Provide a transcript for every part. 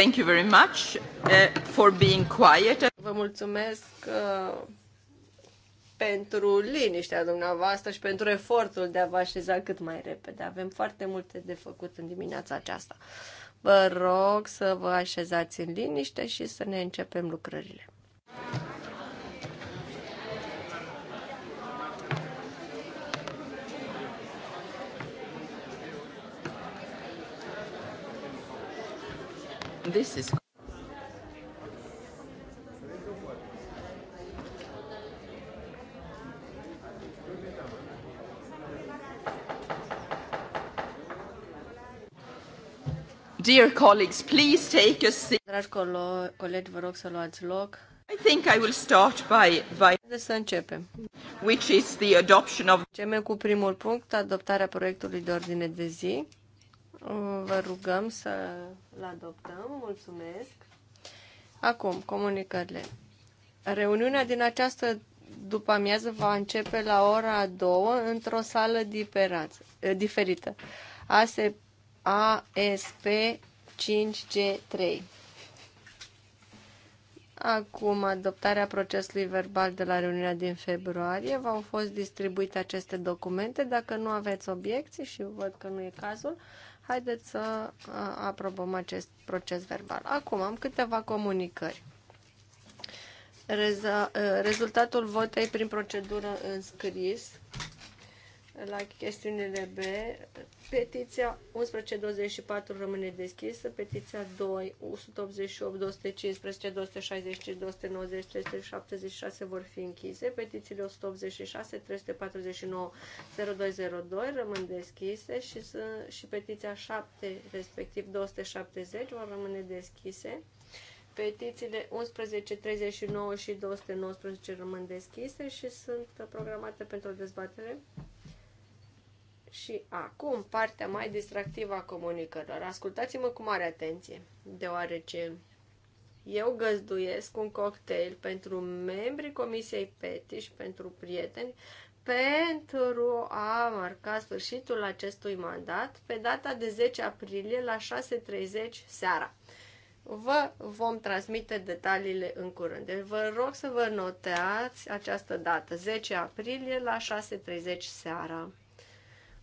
Thank you very much uh, for being quiet. Vă mulțumesc uh, pentru liniștea dumneavoastră și pentru efortul de a vă așeza cât mai repede. Avem foarte multe de făcut în dimineața aceasta. Vă rog să vă așezați în liniște și să ne începem lucrările. This is Dear colleagues, please take a seat. Dragi colegi, vă rog să luați loc. I think I will start by, by să începem. Which is the adoption of mai cu primul punct, adoptarea proiectului de ordine de zi. Vă rugăm să-l adoptăm. Mulțumesc. Acum, comunicările. Reuniunea din această după amiază va începe la ora 2 într-o sală diferită. ASP 5G3. Acum, adoptarea procesului verbal de la reuniunea din februarie. V-au fost distribuite aceste documente. Dacă nu aveți obiecții și văd că nu e cazul, Haideți să uh, aprobăm acest proces verbal. Acum am câteva comunicări. Reza, uh, rezultatul votei prin procedură înscris la chestiunile B. Petiția 1124 rămâne deschisă, petiția 2, 188, 215, 260, 290, 376 vor fi închise, petițiile 186, 349, 0202 rămân deschise și, și petiția 7, respectiv 270, vor rămâne deschise. Petițiile 11, 39 și 219 rămân deschise și sunt programate pentru dezbatere. Și acum, partea mai distractivă a comunicărilor. Ascultați-mă cu mare atenție, deoarece eu găzduiesc un cocktail pentru membrii Comisiei PETI și pentru prieteni pentru a marca sfârșitul acestui mandat pe data de 10 aprilie la 6.30 seara. Vă vom transmite detaliile în curând. Deci vă rog să vă notați această dată, 10 aprilie la 6.30 seara.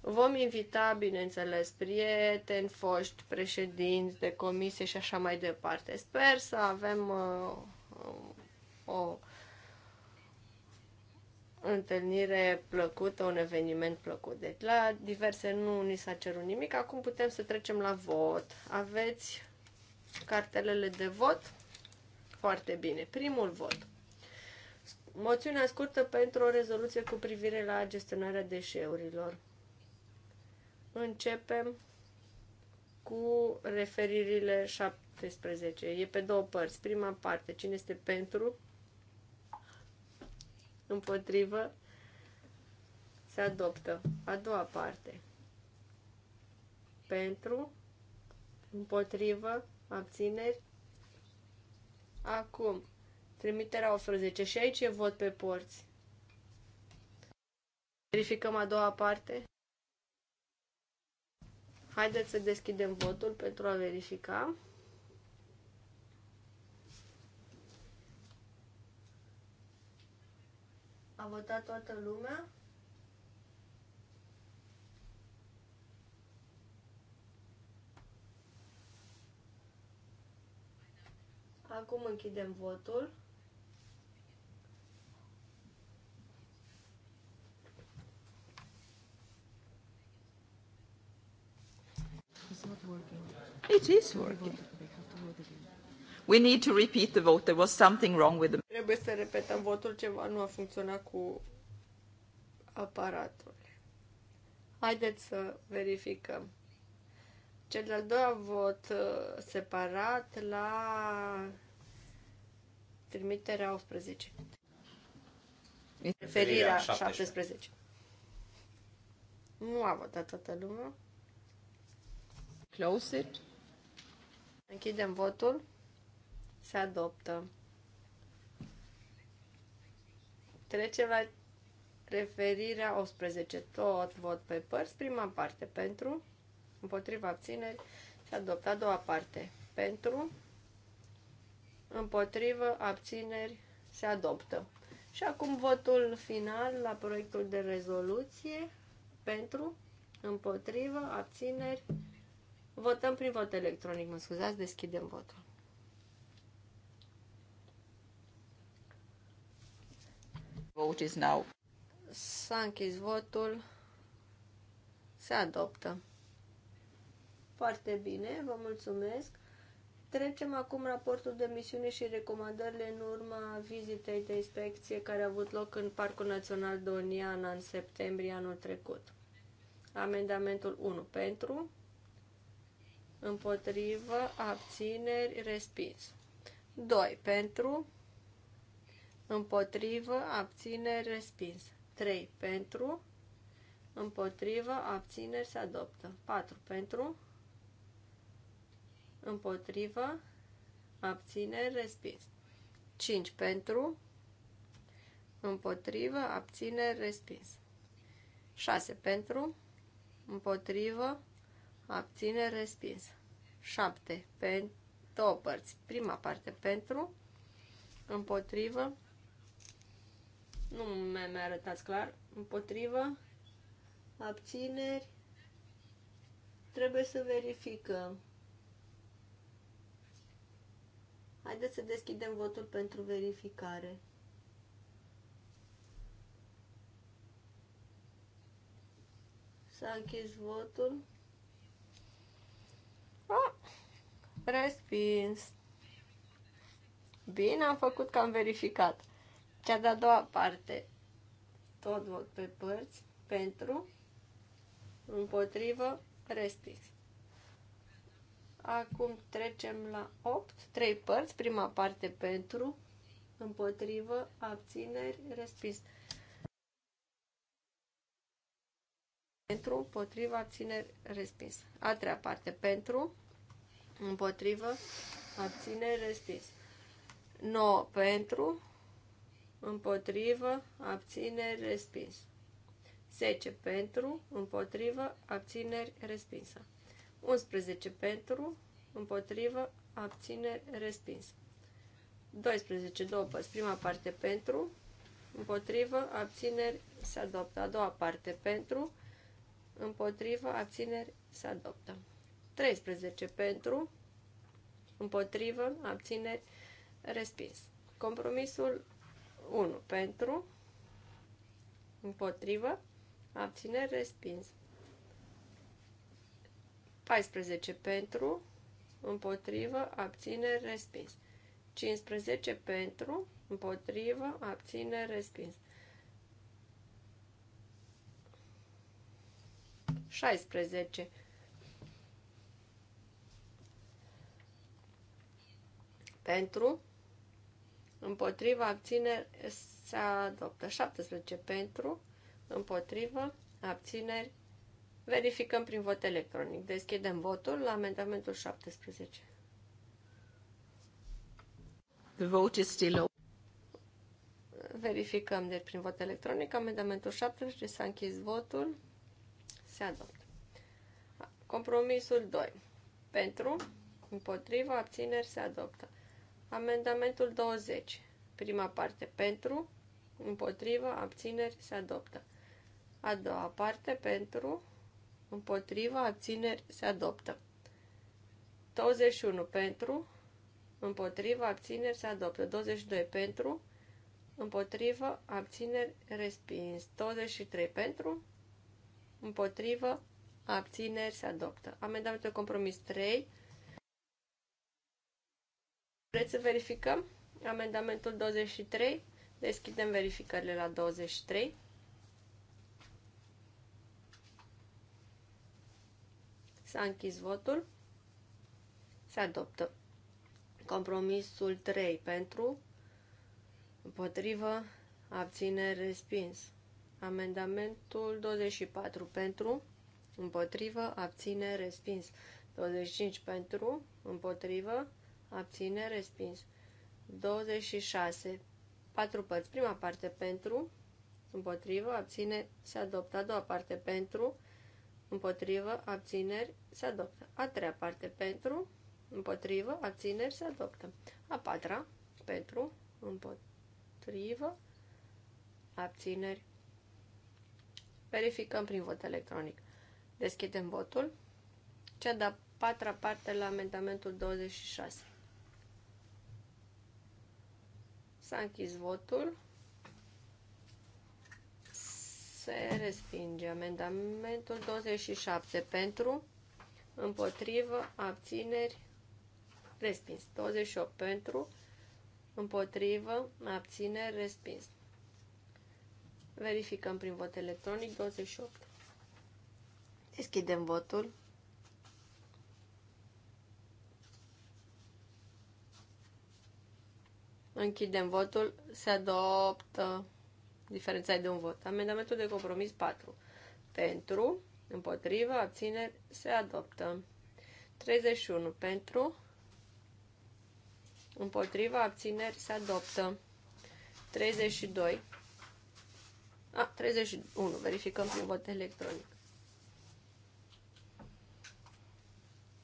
Vom invita, bineînțeles, prieteni, foști președinți de comisie și așa mai departe. Sper să avem uh, uh, o întâlnire plăcută, un eveniment plăcut. Deci la diverse nu ni s-a cerut nimic. Acum putem să trecem la vot. Aveți cartelele de vot? Foarte bine. Primul vot. Moțiunea scurtă pentru o rezoluție cu privire la gestionarea deșeurilor. Începem cu referirile 17. E pe două părți. Prima parte, cine este pentru, împotrivă, se adoptă. A doua parte, pentru, împotrivă, abțineri. Acum, trimiterea 18 și aici e vot pe porți. Verificăm a doua parte. Haideți să deschidem votul pentru a verifica. A votat toată lumea? Acum închidem votul. not working. It is working. We need to repeat the vote. There was something wrong with the... Trebuie să repetăm votul, ceva nu a funcționat cu aparatul. Haideți să verificăm. Cel de-al doilea vot uh, separat la trimiterea 18. Referirea 17. Nu a votat toată lumea. Close it. Închidem votul. Se adoptă. Trecem la referirea 18. Tot vot pe părți. Prima parte pentru, împotriva abțineri, se adoptă. A doua parte pentru, împotrivă, abțineri, se adoptă. Și acum votul final la proiectul de rezoluție pentru, împotrivă, abțineri, Votăm prin vot electronic, mă scuzați, deschidem votul. Vote is now. S-a închis votul. Se adoptă. Foarte bine, vă mulțumesc. Trecem acum raportul de misiune și recomandările în urma vizitei de inspecție care a avut loc în Parcul Național Doniana în septembrie anul trecut. Amendamentul 1 pentru, împotrivă, abțineri, respins. 2. Pentru, împotrivă, abțineri, respins. 3. Pentru, împotrivă, abțineri, se adoptă. 4. Pentru, împotrivă, abțineri, respins. 5. Pentru, împotrivă, abțineri, respins. 6. Pentru, împotrivă, abține, respins. 7. Pe două părți. Prima parte pentru, împotrivă, nu mi-a arătat clar, împotrivă, abțineri, trebuie să verificăm. Haideți să deschidem votul pentru verificare. S-a închis votul. Ah, respins. Bine, am făcut că am verificat. Cea de-a doua parte. Tot vot pe părți. Pentru. Împotrivă. Respins. Acum trecem la 8. 3 părți. Prima parte pentru. Împotrivă. Abțineri. Respins. Pentru, împotriva, abțineri, respins. A treia parte. Pentru, împotrivă, abțineri, respins. 9 pentru, împotrivă, abțineri, respins. 10 pentru, împotrivă, abțineri, respinsă. 11 pentru, împotrivă, abțineri, respins. 12, două părți, prima parte pentru, împotrivă, abțineri, se adoptă. A doua parte pentru, împotrivă, abțineri, se adoptă. 13 pentru, împotrivă, abțineri, respins. Compromisul 1 pentru, împotrivă, abțineri, respins. 14 pentru, împotrivă, abțineri, respins. 15 pentru, împotrivă, abțineri, respins. 16. Pentru, împotriva, abțineri, se adoptă. 17 pentru, împotriva, abțineri, verificăm prin vot electronic. Deschidem votul la amendamentul 17. The vote is still open. Verificăm de prin vot electronic. Amendamentul 17 s-a închis votul se adoptă. Compromisul 2. Pentru, împotriva, abțineri, se adoptă. Amendamentul 20. Prima parte. Pentru, împotriva, abțineri, se adoptă. A doua parte. Pentru, împotriva, abțineri, se adoptă. 21. Pentru, împotriva, abțineri, se adoptă. 22. Pentru, împotriva, abțineri, respins. 23. Pentru, Împotrivă. Abțineri se adoptă. Amendamentul de compromis 3. Vreți să verificăm? Amendamentul 23. Deschidem verificările la 23. S-a închis votul. Se adoptă. Compromisul 3 pentru, împotrivă, abțineri, respins. Amendamentul 24 pentru, împotrivă, abține, respins. 25 pentru, împotrivă, abține, respins. 26, 4 părți. Prima parte pentru, împotrivă, abține, se adoptă. A doua parte pentru, împotrivă, abțineri, se adoptă. A treia parte pentru, împotrivă, abțineri, se adoptă. A patra, pentru, împotrivă, abțineri, Verificăm prin vot electronic. Deschidem votul. Cea de-a patra parte la amendamentul 26. S-a închis votul. Se respinge amendamentul 27 pentru, împotrivă, abțineri, respins. 28 pentru, împotrivă, abțineri, respins. Verificăm prin vot electronic 28. Deschidem votul. Închidem votul. Se adoptă diferența de un vot. Amendamentul de compromis 4. Pentru, împotrivă, abțineri, se adoptă. 31. Pentru, împotrivă, abțineri, se adoptă. 32. A, 31. Verificăm prin vot electronic.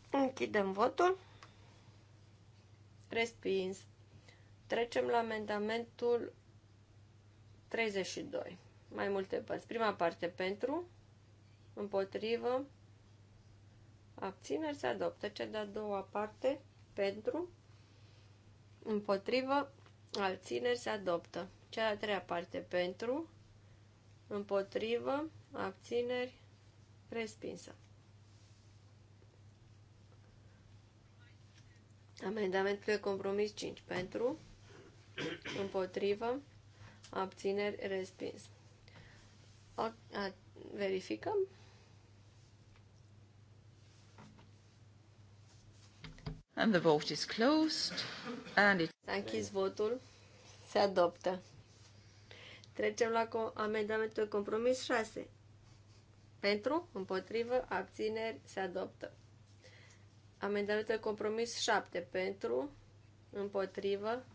Închidem votul. Respins. Trecem la amendamentul 32. Mai multe părți. Prima parte pentru, împotrivă, abțineri se adoptă. Cea de-a doua parte pentru, împotrivă, abțineri se adoptă. Cea de-a treia parte pentru, împotrivă, abțineri, respinsă. Amendamentul de compromis 5 pentru, împotrivă, abțineri, respins. O, a, verificăm. And the vote is closed. And it... S-a închis votul. Se adoptă. Trecem la amendamentul compromis 6. Pentru, împotrivă, abțineri, se adoptă. Amendamentul compromis 7. Pentru, împotrivă,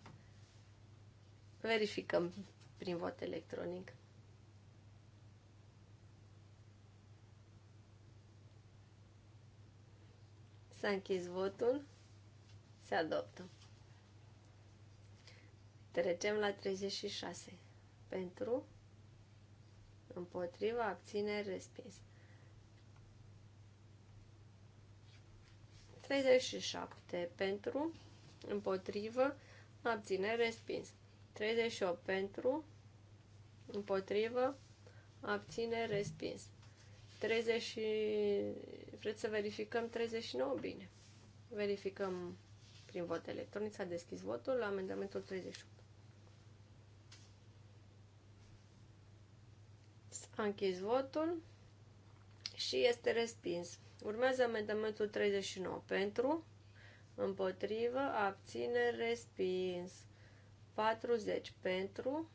verificăm prin vot electronic. S-a închis votul. Se adoptă. Trecem la 36 pentru, împotriva, abțineri, respins. 37 pentru, împotrivă, abțineri, respins. 38 pentru, împotrivă, abțineri, respins. 30 Vreți să verificăm 39? Bine. Verificăm prin vot electronic. S-a deschis votul la amendamentul 38. A închis votul și este respins. Urmează amendamentul 39. Pentru, împotrivă, abține, respins. 40. Pentru,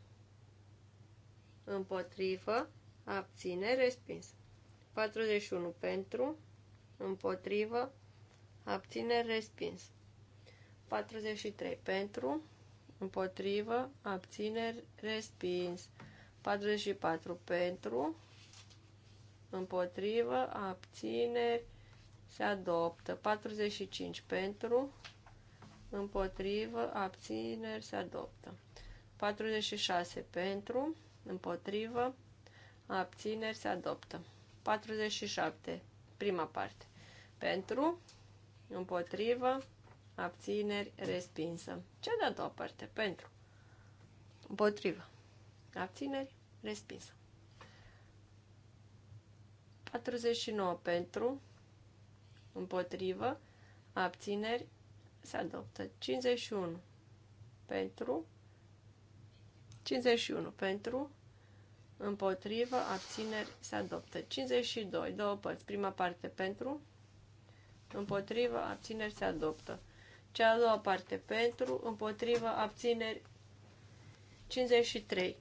împotrivă, abține, respins. 41. Pentru, împotrivă, abține, respins. 43. Pentru, împotrivă, abține, respins. 44 pentru, împotrivă, abțineri, se adoptă. 45 pentru, împotrivă, abțineri, se adoptă. 46 pentru, împotrivă, abțineri, se adoptă. 47, prima parte, pentru, împotrivă, abțineri, respinsă. Cea de-a doua parte, pentru, împotrivă, Abțineri? Respinsă. 49 pentru, împotrivă, abțineri, se adoptă. 51 pentru, 51 pentru, împotrivă, abțineri, se adoptă. 52, două părți, prima parte pentru, împotrivă, abțineri, se adoptă. Cea a doua parte pentru, împotrivă, abțineri, 53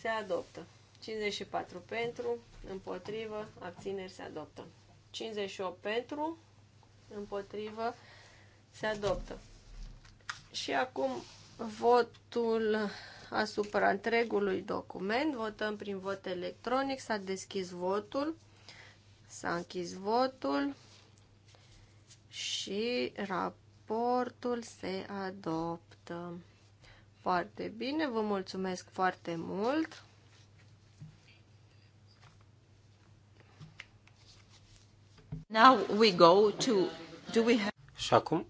se adoptă. 54 pentru, împotrivă, abțineri se adoptă. 58 pentru, împotrivă, se adoptă. Și acum votul asupra întregului document. Votăm prin vot electronic. S-a deschis votul. S-a închis votul. Și raportul se adoptă. Foarte bine, vă mulțumesc foarte mult. Now we go to... Do we have... Și acum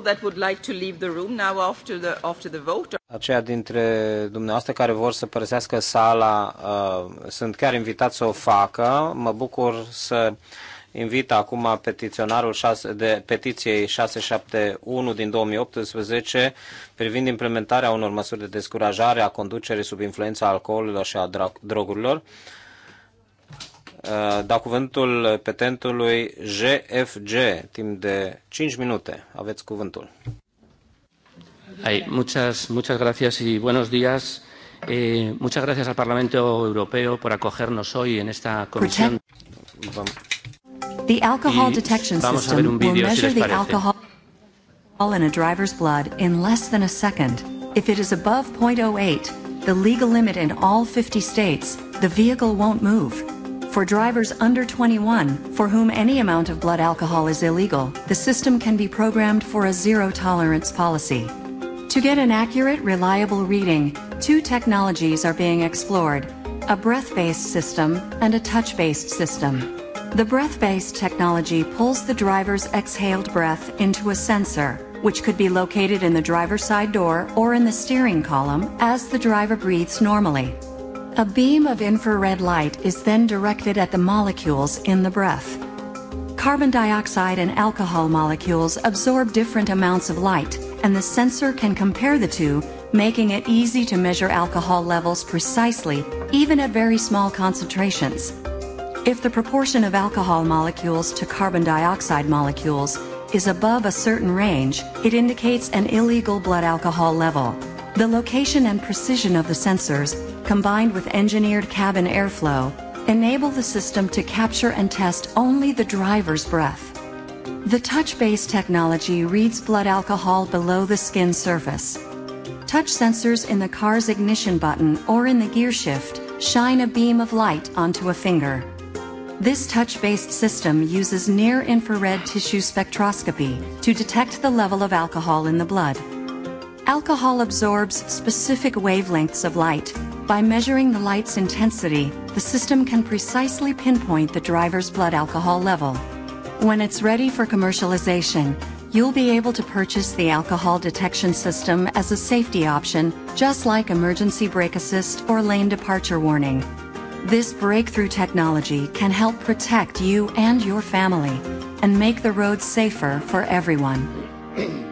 that would like to leave the room now after the, after the vote. Aceia dintre dumneavoastră care vor să părăsească sala uh, sunt chiar invitați să o facă. Mă bucur să invit acum petiționarul 6, de petiției 671 din 2018 privind implementarea unor măsuri de descurajare a conducerii sub influența alcoolului și a drogurilor Uh, dau cuvântul petentului GFG timp de 5 minute. Aveți cuvântul. Ay, muchas, muchas gracias y buenos días. Eh, muchas gracias al Parlamento Europeo por acogernos hoy en esta comisión. The alcohol detection system will measure si the alcohol in a driver's blood in less than a second. If it is above 0.08, the legal limit in all 50 states, the vehicle won't move. For drivers under 21, for whom any amount of blood alcohol is illegal, the system can be programmed for a zero tolerance policy. To get an accurate, reliable reading, two technologies are being explored a breath based system and a touch based system. The breath based technology pulls the driver's exhaled breath into a sensor, which could be located in the driver's side door or in the steering column as the driver breathes normally. A beam of infrared light is then directed at the molecules in the breath. Carbon dioxide and alcohol molecules absorb different amounts of light, and the sensor can compare the two, making it easy to measure alcohol levels precisely, even at very small concentrations. If the proportion of alcohol molecules to carbon dioxide molecules is above a certain range, it indicates an illegal blood alcohol level. The location and precision of the sensors combined with engineered cabin airflow, enable the system to capture and test only the driver's breath. The touch-based technology reads blood alcohol below the skin surface. Touch sensors in the car's ignition button or in the gear shift shine a beam of light onto a finger. This touch-based system uses near-infrared tissue spectroscopy to detect the level of alcohol in the blood. Alcohol absorbs specific wavelengths of light By measuring the light's intensity, the system can precisely pinpoint the driver's blood alcohol level. When it's ready for commercialization, you'll be able to purchase the alcohol detection system as a safety option, just like emergency brake assist or lane departure warning. This breakthrough technology can help protect you and your family and make the roads safer for everyone.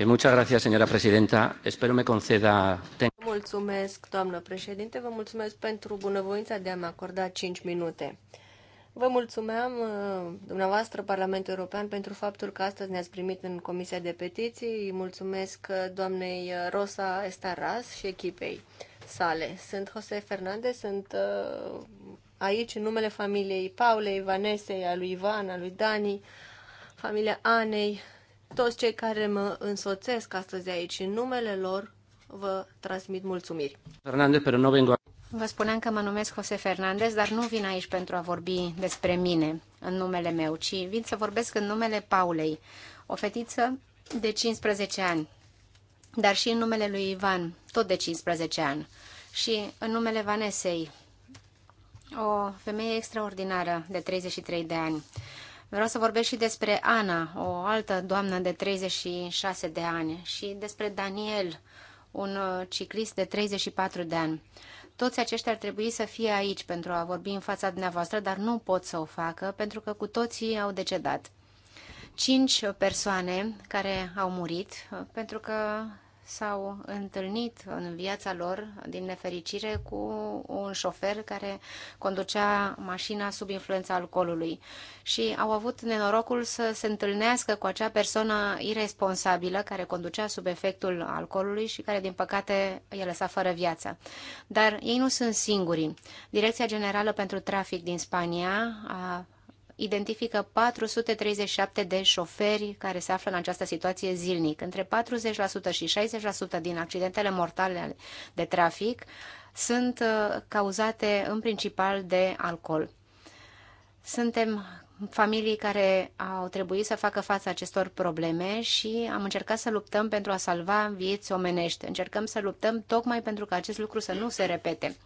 Eh, muchas gracias, señora presidenta. Espero me conceda... Mulțumesc, doamnă președinte. Vă mulțumesc pentru bunăvoința de a-mi acorda 5 minute. Vă mulțumeam, eh, dumneavoastră, Parlamentul European, pentru faptul că astăzi ne-ați primit în Comisia de Petiții. Îi mulțumesc eh, doamnei Rosa Estaras și echipei sale. Sunt Jose Fernandez, sunt aici în numele familiei Paulei, Vanesei, a lui Ivan, a lui Dani, familia Anei, toți cei care mă însoțesc astăzi aici. În numele lor vă transmit mulțumiri. Fernandez, pero no vengo... Vă spuneam că mă numesc Jose Fernandez, dar nu vin aici pentru a vorbi despre mine în numele meu, ci vin să vorbesc în numele Paulei, o fetiță de 15 ani, dar și în numele lui Ivan, tot de 15 ani, și în numele Vanesei, o femeie extraordinară de 33 de ani. Vreau să vorbesc și despre Ana, o altă doamnă de 36 de ani, și despre Daniel, un uh, ciclist de 34 de ani. Toți aceștia ar trebui să fie aici pentru a vorbi în fața dumneavoastră, dar nu pot să o facă pentru că cu toții au decedat. Cinci persoane care au murit uh, pentru că s-au întâlnit în viața lor, din nefericire, cu un șofer care conducea mașina sub influența alcoolului și au avut nenorocul să se întâlnească cu acea persoană irresponsabilă care conducea sub efectul alcoolului și care, din păcate, i-a lăsat fără viață. Dar ei nu sunt singuri. Direcția Generală pentru Trafic din Spania a identifică 437 de șoferi care se află în această situație zilnic. Între 40% și 60% din accidentele mortale de trafic sunt uh, cauzate în principal de alcool. Suntem familii care au trebuit să facă față acestor probleme și am încercat să luptăm pentru a salva vieți omenești. Încercăm să luptăm tocmai pentru că acest lucru să nu se repete.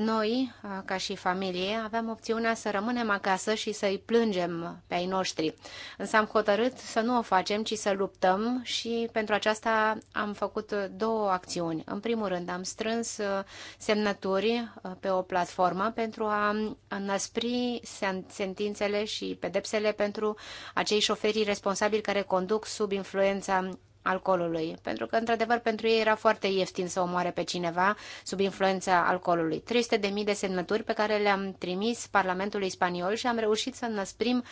Noi, ca și familie, aveam opțiunea să rămânem acasă și să-i plângem pe ai noștri. Însă am hotărât să nu o facem, ci să luptăm și pentru aceasta am făcut două acțiuni. În primul rând, am strâns semnături pe o platformă pentru a năspri sentințele și pedepsele pentru acei șoferi responsabili care conduc sub influența alcoolului, pentru că, într-adevăr, pentru ei era foarte ieftin să omoare pe cineva sub influența alcoolului. 300.000 de, de semnături pe care le-am trimis Parlamentului Spaniol și am reușit să năsprim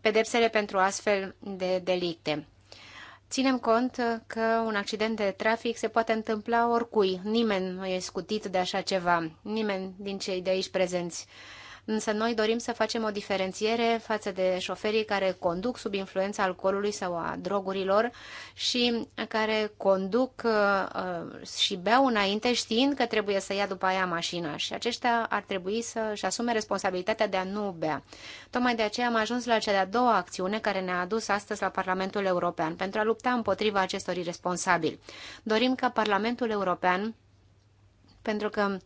pedepsele pentru astfel de delicte. Ținem cont că un accident de trafic se poate întâmpla oricui. Nimeni nu e scutit de așa ceva. Nimeni din cei de aici prezenți însă noi dorim să facem o diferențiere față de șoferii care conduc sub influența alcoolului sau a drogurilor și care conduc uh, uh, și beau înainte știind că trebuie să ia după aia mașina și aceștia ar trebui să-și asume responsabilitatea de a nu bea. Tocmai de aceea am ajuns la cea de-a doua acțiune care ne-a adus astăzi la Parlamentul European pentru a lupta împotriva acestor irresponsabili. Dorim ca Parlamentul European pentru că uh,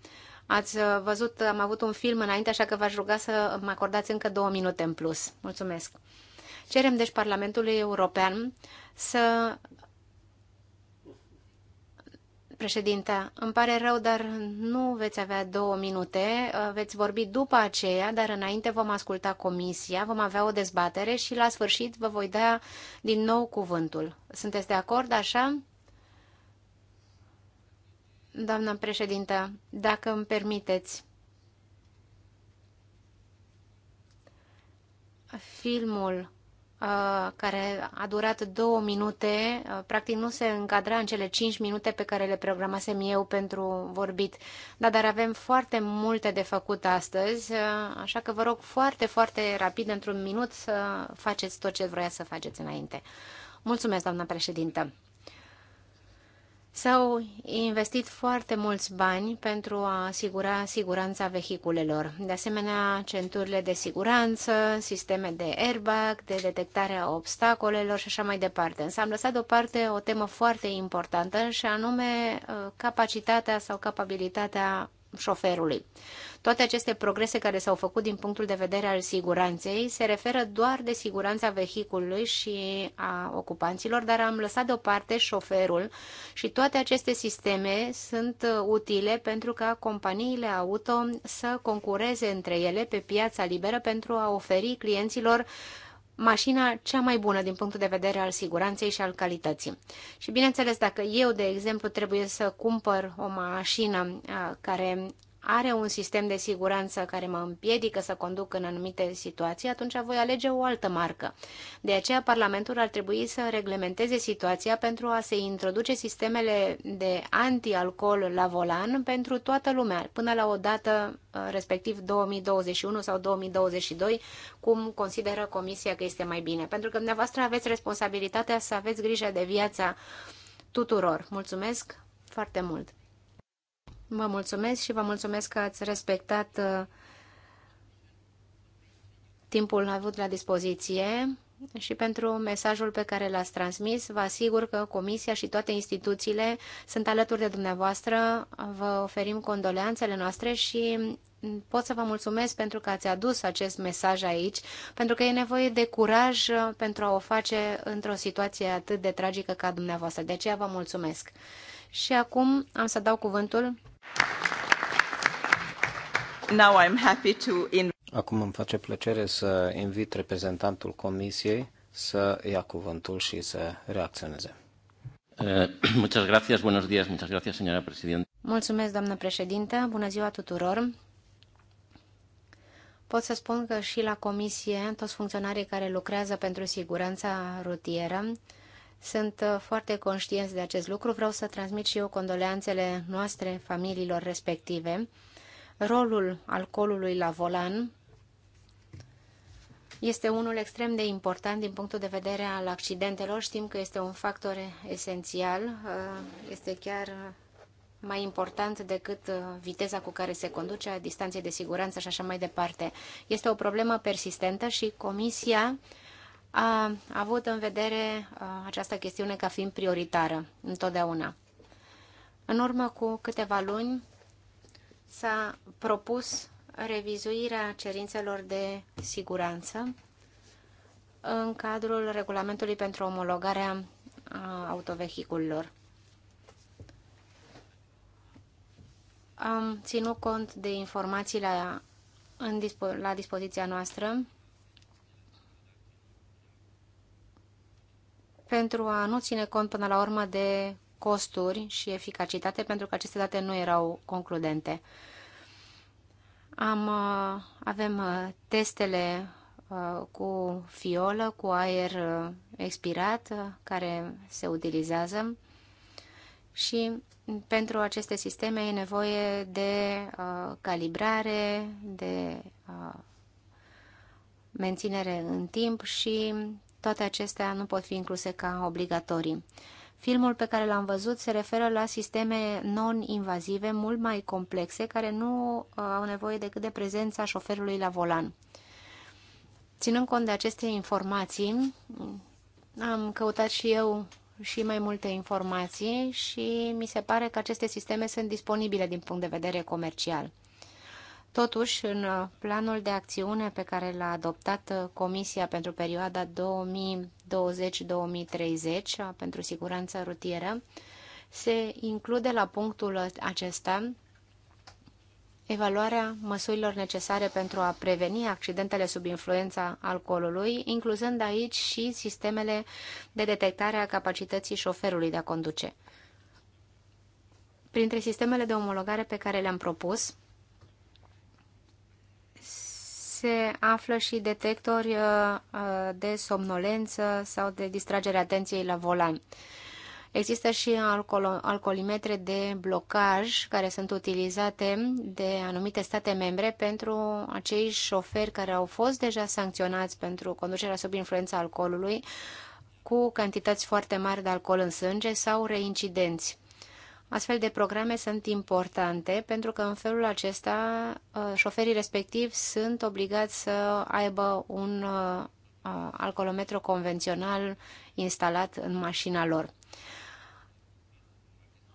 Ați uh, văzut, am avut un film înainte, așa că v-aș ruga să mă acordați încă două minute în plus. Mulțumesc. Cerem deci Parlamentului European să Președinte, îmi pare rău, dar nu veți avea două minute. Uh, veți vorbi după aceea, dar înainte vom asculta comisia, vom avea o dezbatere și la sfârșit vă voi da din nou cuvântul. Sunteți de acord așa? doamna președintă, dacă îmi permiteți. Filmul uh, care a durat două minute, uh, practic nu se încadra în cele cinci minute pe care le programasem eu pentru vorbit. Da, dar avem foarte multe de făcut astăzi, uh, așa că vă rog foarte, foarte rapid, într-un minut, să faceți tot ce vroia să faceți înainte. Mulțumesc, doamna președintă. S-au investit foarte mulți bani pentru a asigura siguranța vehiculelor. De asemenea, centurile de siguranță, sisteme de airbag, de detectarea obstacolelor și așa mai departe. Însă am lăsat deoparte o temă foarte importantă și anume uh, capacitatea sau capabilitatea șoferului. Toate aceste progrese care s-au făcut din punctul de vedere al siguranței se referă doar de siguranța vehiculului și a ocupanților, dar am lăsat deoparte șoferul și toate aceste sisteme sunt utile pentru ca companiile auto să concureze între ele pe piața liberă pentru a oferi clienților mașina cea mai bună din punctul de vedere al siguranței și al calității. Și bineînțeles, dacă eu, de exemplu, trebuie să cumpăr o mașină care are un sistem de siguranță care mă împiedică să conduc în anumite situații, atunci voi alege o altă marcă. De aceea, Parlamentul ar trebui să reglementeze situația pentru a se introduce sistemele de anti-alcool la volan pentru toată lumea, până la o dată, uh, respectiv 2021 sau 2022, cum consideră Comisia că este mai bine. Pentru că dumneavoastră aveți responsabilitatea să aveți grijă de viața tuturor. Mulțumesc foarte mult! Vă mulțumesc și vă mulțumesc că ați respectat uh, timpul avut la dispoziție și pentru mesajul pe care l-ați transmis. Vă asigur că Comisia și toate instituțiile sunt alături de dumneavoastră. Vă oferim condoleanțele noastre și pot să vă mulțumesc pentru că ați adus acest mesaj aici, pentru că e nevoie de curaj pentru a o face într-o situație atât de tragică ca dumneavoastră. De aceea vă mulțumesc. Și acum am să dau cuvântul Now I'm happy to in... Acum îmi face plăcere să invit reprezentantul Comisiei să ia cuvântul și să reacționeze. Eh, muchas gracias, buenos días, muchas gracias, señora Mulțumesc, doamnă președintă, bună ziua tuturor. Pot să spun că și la comisie, toți funcționarii care lucrează pentru siguranța rutieră sunt uh, foarte conștienți de acest lucru. Vreau să transmit și eu condoleanțele noastre familiilor respective. Rolul alcoolului la volan este unul extrem de important din punctul de vedere al accidentelor. Știm că este un factor esențial, uh, este chiar uh, mai important decât viteza cu care se conduce, distanțe de siguranță și așa mai departe. Este o problemă persistentă și Comisia a avut în vedere uh, această chestiune ca fiind prioritară întotdeauna. În urmă cu câteva luni s-a propus revizuirea cerințelor de siguranță în cadrul regulamentului pentru omologarea uh, autovehiculelor. Am ținut cont de informațiile la, la dispoziția noastră pentru a nu ține cont până la urmă de costuri și eficacitate, pentru că aceste date nu erau concludente. Am, uh, avem uh, testele uh, cu fiolă, cu aer expirat, care se utilizează și pentru aceste sisteme e nevoie de calibrare, de menținere în timp și toate acestea nu pot fi incluse ca obligatorii. Filmul pe care l-am văzut se referă la sisteme non-invazive mult mai complexe care nu uh, au nevoie decât de prezența șoferului la volan. Ținând cont de aceste informații, am căutat și eu și mai multe informații și mi se pare că aceste sisteme sunt disponibile din punct de vedere comercial. Totuși, în uh, planul de acțiune pe care l-a adoptat uh, Comisia pentru perioada 2020-2030 uh, pentru siguranța rutieră, se include la punctul acesta evaluarea măsurilor necesare pentru a preveni accidentele sub influența alcoolului, incluzând aici și sistemele de detectare a capacității șoferului de a conduce. Printre sistemele de omologare pe care le-am propus, se află și detectori uh, uh, de somnolență sau de distragere atenției la volan. Există și alcoolimetre de blocaj care sunt utilizate de anumite state membre pentru acei șoferi care au fost deja sancționați pentru conducerea sub influența alcoolului cu cantități foarte mari de alcool în sânge sau reincidenți. Astfel de programe sunt importante pentru că în felul acesta uh, șoferii respectivi sunt obligați să aibă un uh, uh, alcoolometru convențional instalat în mașina lor.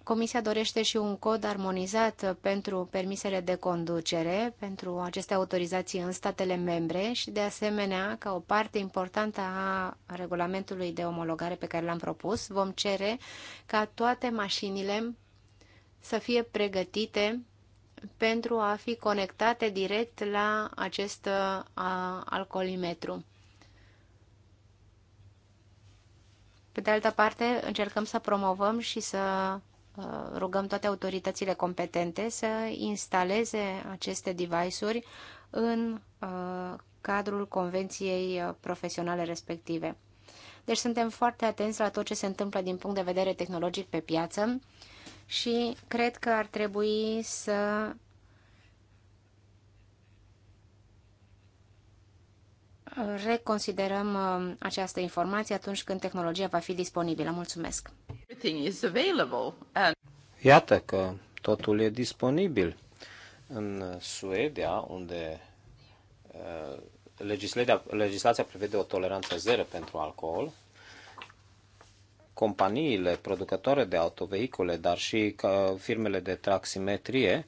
Comisia dorește și un cod armonizat pentru permisele de conducere, pentru aceste autorizații în statele membre și, de asemenea, ca o parte importantă a regulamentului de omologare pe care l-am propus, vom cere ca toate mașinile să fie pregătite pentru a fi conectate direct la acest alcoolimetru. Pe de altă parte, încercăm să promovăm și să Uh, rugăm toate autoritățile competente să instaleze aceste device-uri în uh, cadrul convenției uh, profesionale respective. Deci suntem foarte atenți la tot ce se întâmplă din punct de vedere tehnologic pe piață și cred că ar trebui să reconsiderăm această informație atunci când tehnologia va fi disponibilă. Mulțumesc! everything is available. And... Iată că totul e disponibil. În Suedia, unde uh, legislația, prevede o toleranță zero pentru alcool, companiile producătoare de autovehicule, dar și uh, firmele de taximetrie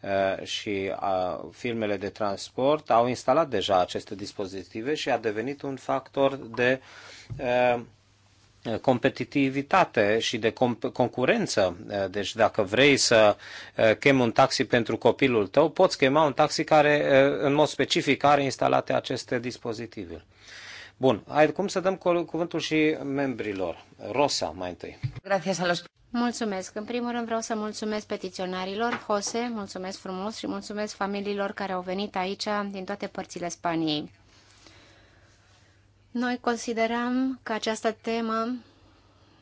uh, și uh, firmele de transport au instalat deja aceste dispozitive și a devenit un factor de competitivitate și de concurență. Eh, deci dacă vrei să eh, chemi un taxi pentru copilul tău, poți chema un taxi care eh, în mod specific are instalate aceste dispozitive. Bun, cum să dăm cuvântul și membrilor. Rosa, mai întâi. Mulțumesc. În primul rând vreau să mulțumesc petiționarilor, Jose, mulțumesc frumos și mulțumesc familiilor care au venit aici din toate părțile Spaniei. Noi consideram că această temă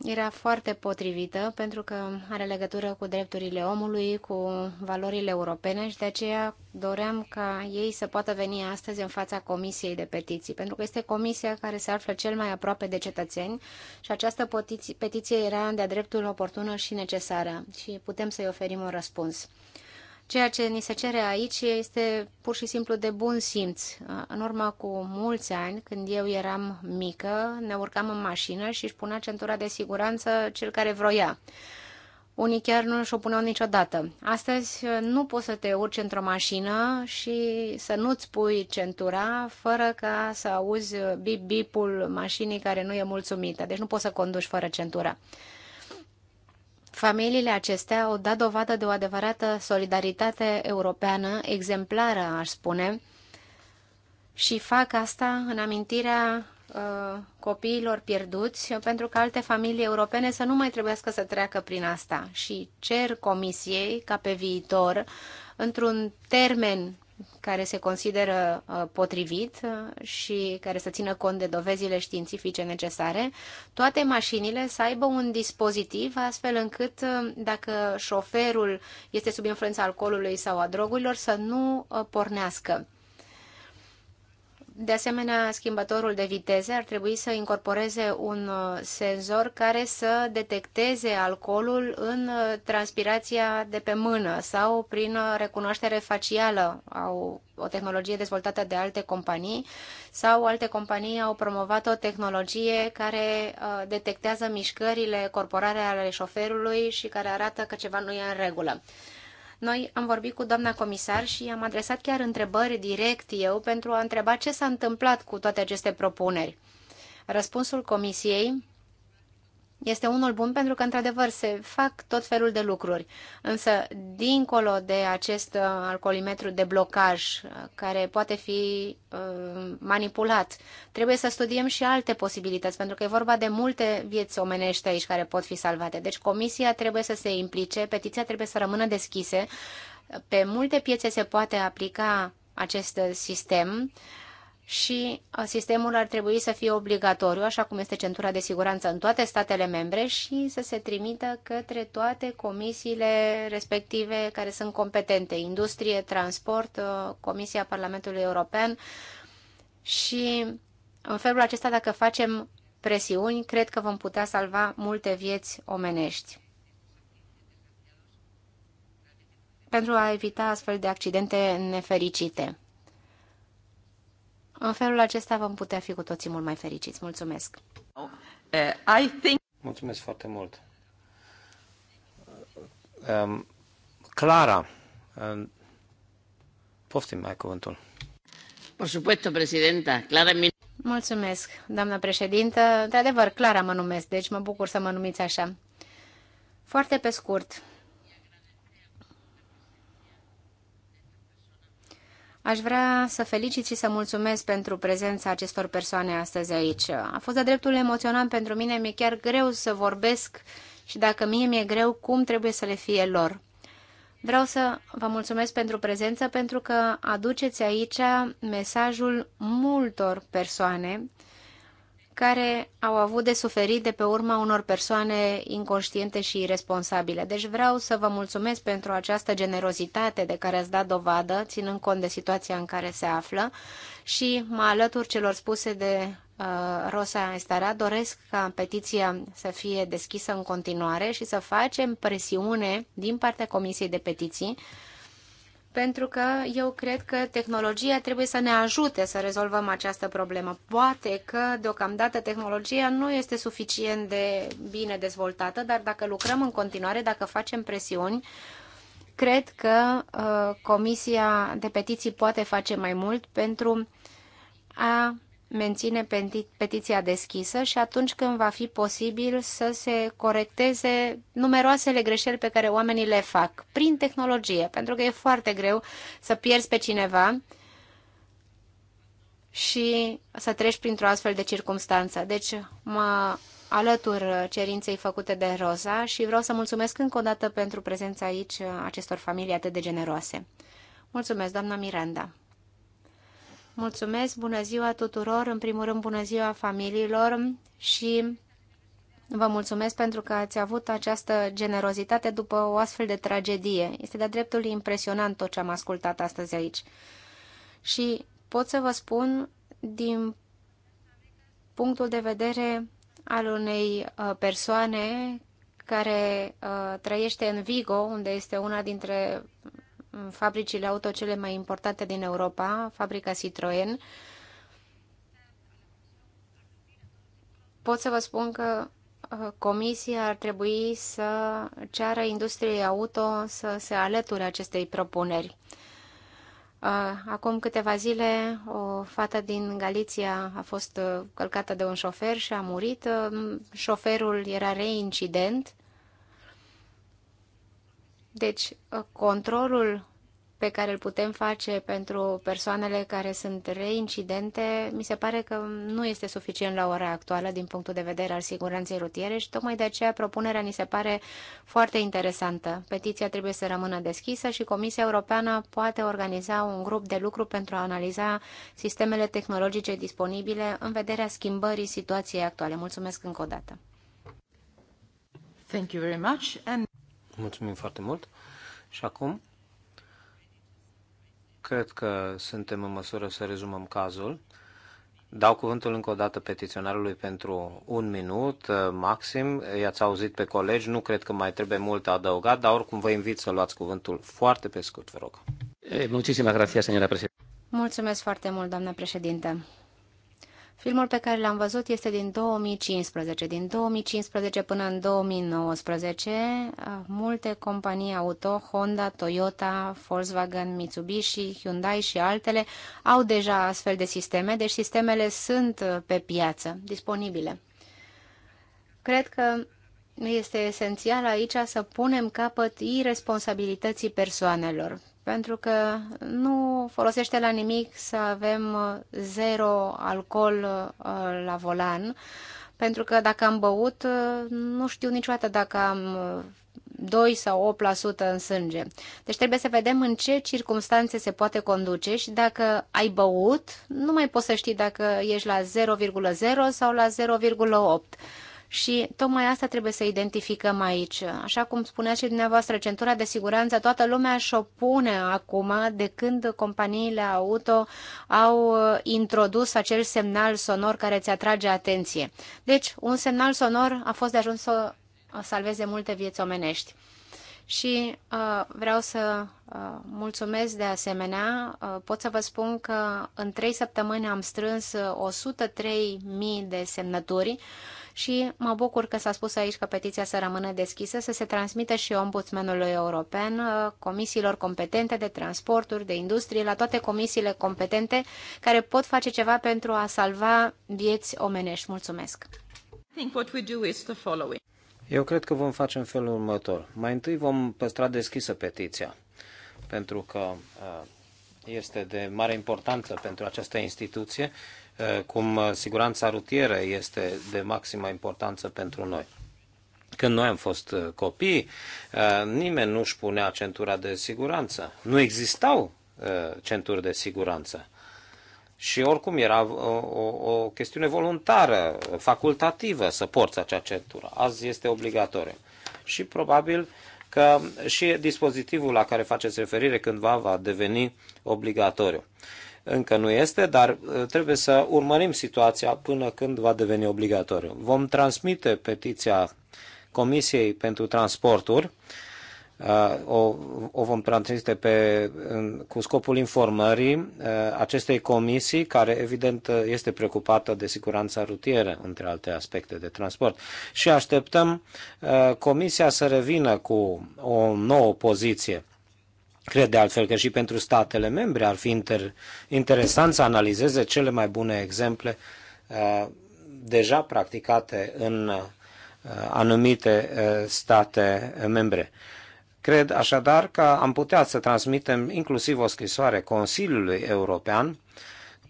era foarte potrivită pentru că are legătură cu drepturile omului, cu valorile europene și de aceea doream ca ei să poată veni astăzi în fața Comisiei de Petiții, pentru că este comisia care se află cel mai aproape de cetățeni și această petiție, era de-a dreptul oportună și necesară și putem să-i oferim un răspuns. Ceea ce ni se cere aici este pur și simplu de bun simț. În urmă cu mulți ani, când eu eram mică, ne urcam în mașină și își punea centura de siguranță cel care vroia. Unii chiar nu își o puneau niciodată. Astăzi nu poți să te urci într-o mașină și să nu-ți pui centura fără ca să auzi bip-bipul mașinii care nu e mulțumită. Deci nu poți să conduci fără centura. Familiile acestea au dat dovadă de o adevărată solidaritate europeană, exemplară, aș spune, și fac asta în amintirea uh, copiilor pierduți, pentru că alte familii europene să nu mai trebuiască să treacă prin asta. Și cer Comisiei ca pe viitor, într-un termen care se consideră uh, potrivit uh, și care să țină cont de dovezile științifice necesare, toate mașinile să aibă un dispozitiv astfel încât uh, dacă șoferul este sub influența alcoolului sau a drogurilor să nu pornească. De asemenea, schimbătorul de viteze ar trebui să incorporeze un uh, senzor care să detecteze alcoolul în uh, transpirația de pe mână sau prin uh, recunoaștere facială. Au o tehnologie dezvoltată de alte companii sau alte companii au promovat o tehnologie care detectează mișcările corporale ale șoferului și care arată că ceva nu e în regulă. Noi am vorbit cu doamna comisar și am adresat chiar întrebări direct eu pentru a întreba ce s-a întâmplat cu toate aceste propuneri. Răspunsul comisiei este unul bun pentru că, într-adevăr, se fac tot felul de lucruri. Însă, dincolo de acest uh, alcoolimetru de blocaj uh, care poate fi uh, manipulat, trebuie să studiem și alte posibilități, pentru că e vorba de multe vieți omenești aici care pot fi salvate. Deci, comisia trebuie să se implice, petiția trebuie să rămână deschise. Pe multe piețe se poate aplica acest sistem. Uh, și uh, sistemul ar trebui să fie obligatoriu, așa cum este centura de siguranță în toate statele membre și să se trimită către toate comisiile respective care sunt competente, industrie, transport, uh, Comisia Parlamentului European și în felul acesta, dacă facem presiuni, cred că vom putea salva multe vieți omenești. pentru a evita astfel de accidente nefericite. În felul acesta vom putea fi cu toții mult mai fericiți. Mulțumesc! Uh, Mulțumesc foarte mult! Um, Clara, um, poftim mai cuvântul. Por supuesto, presidenta. Clara mi... Mulțumesc, doamna președintă. De adevăr, Clara mă numesc, deci mă bucur să mă numiți așa. Foarte pe scurt, Aș vrea să felicit și să mulțumesc pentru prezența acestor persoane astăzi aici. A fost de dreptul emoționant pentru mine, mi-e chiar greu să vorbesc și dacă mie mi-e greu, cum trebuie să le fie lor. Vreau să vă mulțumesc pentru prezență, pentru că aduceți aici mesajul multor persoane care au avut de suferit de pe urma unor persoane inconștiente și irresponsabile. Deci vreau să vă mulțumesc pentru această generozitate de care ați dat dovadă, ținând cont de situația în care se află și mă alătur celor spuse de uh, Rosa Estara. Doresc ca petiția să fie deschisă în continuare și să facem presiune din partea Comisiei de Petiții uh, pentru că eu cred că tehnologia trebuie să ne ajute să rezolvăm această problemă. Poate că deocamdată tehnologia nu este suficient de bine dezvoltată, dar dacă lucrăm în continuare, dacă facem presiuni, cred că uh, Comisia de Petiții poate face mai mult pentru a menține petiția deschisă și atunci când va fi posibil să se corecteze numeroasele greșeli pe care oamenii le fac prin tehnologie, pentru că e foarte greu să pierzi pe cineva și să treci printr-o astfel de circunstanță. Deci mă alătur cerinței făcute de Roza și vreau să mulțumesc încă o dată pentru prezența aici acestor familii atât de generoase. Mulțumesc, doamna Miranda. Mulțumesc, bună ziua tuturor, în primul rând bună ziua familiilor și vă mulțumesc pentru că ați avut această generozitate după o astfel de tragedie. Este de-a dreptul impresionant tot ce am ascultat astăzi aici. Și pot să vă spun din punctul de vedere al unei uh, persoane care uh, trăiește în Vigo, unde este una dintre fabricile auto cele mai importante din Europa, fabrica Citroen. pot să vă spun că uh, Comisia ar trebui să ceară industriei auto să se alăture acestei propuneri. Uh, acum câteva zile, o fată din Galiția a fost uh, călcată de un șofer și a murit. Șoferul era reincident deci, uh, controlul pe care îl putem face pentru persoanele care sunt reincidente, mi se pare că nu este suficient la ora actuală din punctul de vedere al siguranței rutiere și tocmai de aceea propunerea ni se pare foarte interesantă. Petiția trebuie să rămână deschisă și Comisia Europeană poate organiza un grup de lucru pentru a analiza sistemele tehnologice disponibile în vederea schimbării situației actuale. Mulțumesc încă o dată. Thank you very much and... Mulțumim foarte mult. Și acum, cred că suntem în măsură să rezumăm cazul. Dau cuvântul încă o dată petiționarului pentru un minut uh, maxim. I-ați auzit pe colegi, nu cred că mai trebuie mult adăugat, dar oricum vă invit să luați cuvântul foarte pe scurt, vă rog. Eh, Mulțumesc foarte mult, doamna președinte. Filmul pe care l-am văzut este din 2015. Din 2015 până în 2019, multe companii auto, Honda, Toyota, Volkswagen, Mitsubishi, Hyundai și altele, au deja astfel de sisteme, deci sistemele sunt uh, pe piață, disponibile. Cred că este esențial aici să punem capăt irresponsabilității persoanelor, pentru că nu folosește la nimic să avem uh, zero alcool uh, la volan, pentru că dacă am băut, uh, nu știu niciodată dacă am 2 sau 8% în sânge. Deci trebuie să vedem în ce circunstanțe se poate conduce și dacă ai băut, nu mai poți să știi dacă ești la 0,0 sau la 0,8 și tocmai asta trebuie să identificăm aici. Așa cum spunea și dumneavoastră, centura de siguranță, toată lumea și-o pune acum de când companiile auto au uh, introdus acel semnal sonor care ți atrage atenție. Deci, un semnal sonor a fost de ajuns să salveze multe vieți omenești. Și uh, vreau să uh, mulțumesc de asemenea. Uh, pot să vă spun că în trei săptămâni am strâns 103.000 uh, de semnături și mă bucur că s-a spus aici că petiția să rămână deschisă, să se transmită și ombudsmanului european, uh, comisiilor competente de transporturi, de industrie, la toate comisiile competente care pot face ceva pentru a salva vieți omenești. Mulțumesc! Eu cred că vom face în felul următor. Mai întâi vom păstra deschisă petiția, pentru că uh, este de mare importanță pentru această instituție Eh, cum eh, siguranța rutieră este de maximă importanță pentru noi. Când noi am fost eh, copii, nimeni nu își punea centura de siguranță. Nu existau centuri de siguranță. Și oricum era o, o, o chestiune voluntară, facultativă să porți acea centură. Azi este obligatoriu. Și probabil că și dispozitivul la care faceți referire cândva va deveni obligatoriu încă nu este, dar uh, trebuie să urmărim situația până când va deveni obligatoriu. Vom transmite petiția Comisiei pentru Transporturi, uh, o, o vom transmite pe, cu scopul informării uh, acestei comisii, care evident este preocupată de siguranța rutieră, între alte aspecte de transport. Și așteptăm comisia să revină cu o nouă poziție Cred de altfel că și pentru statele membre ar fi inter- interesant să analizeze cele mai bune exemple uh, deja practicate în uh, anumite uh, state membre. Cred așadar că am putea să transmitem inclusiv o scrisoare Consiliului European